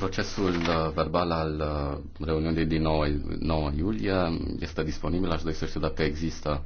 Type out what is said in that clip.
Procesul uh, verbal al uh, reuniunii din 9, 9 iulie este disponibil, aș dori să știu dacă există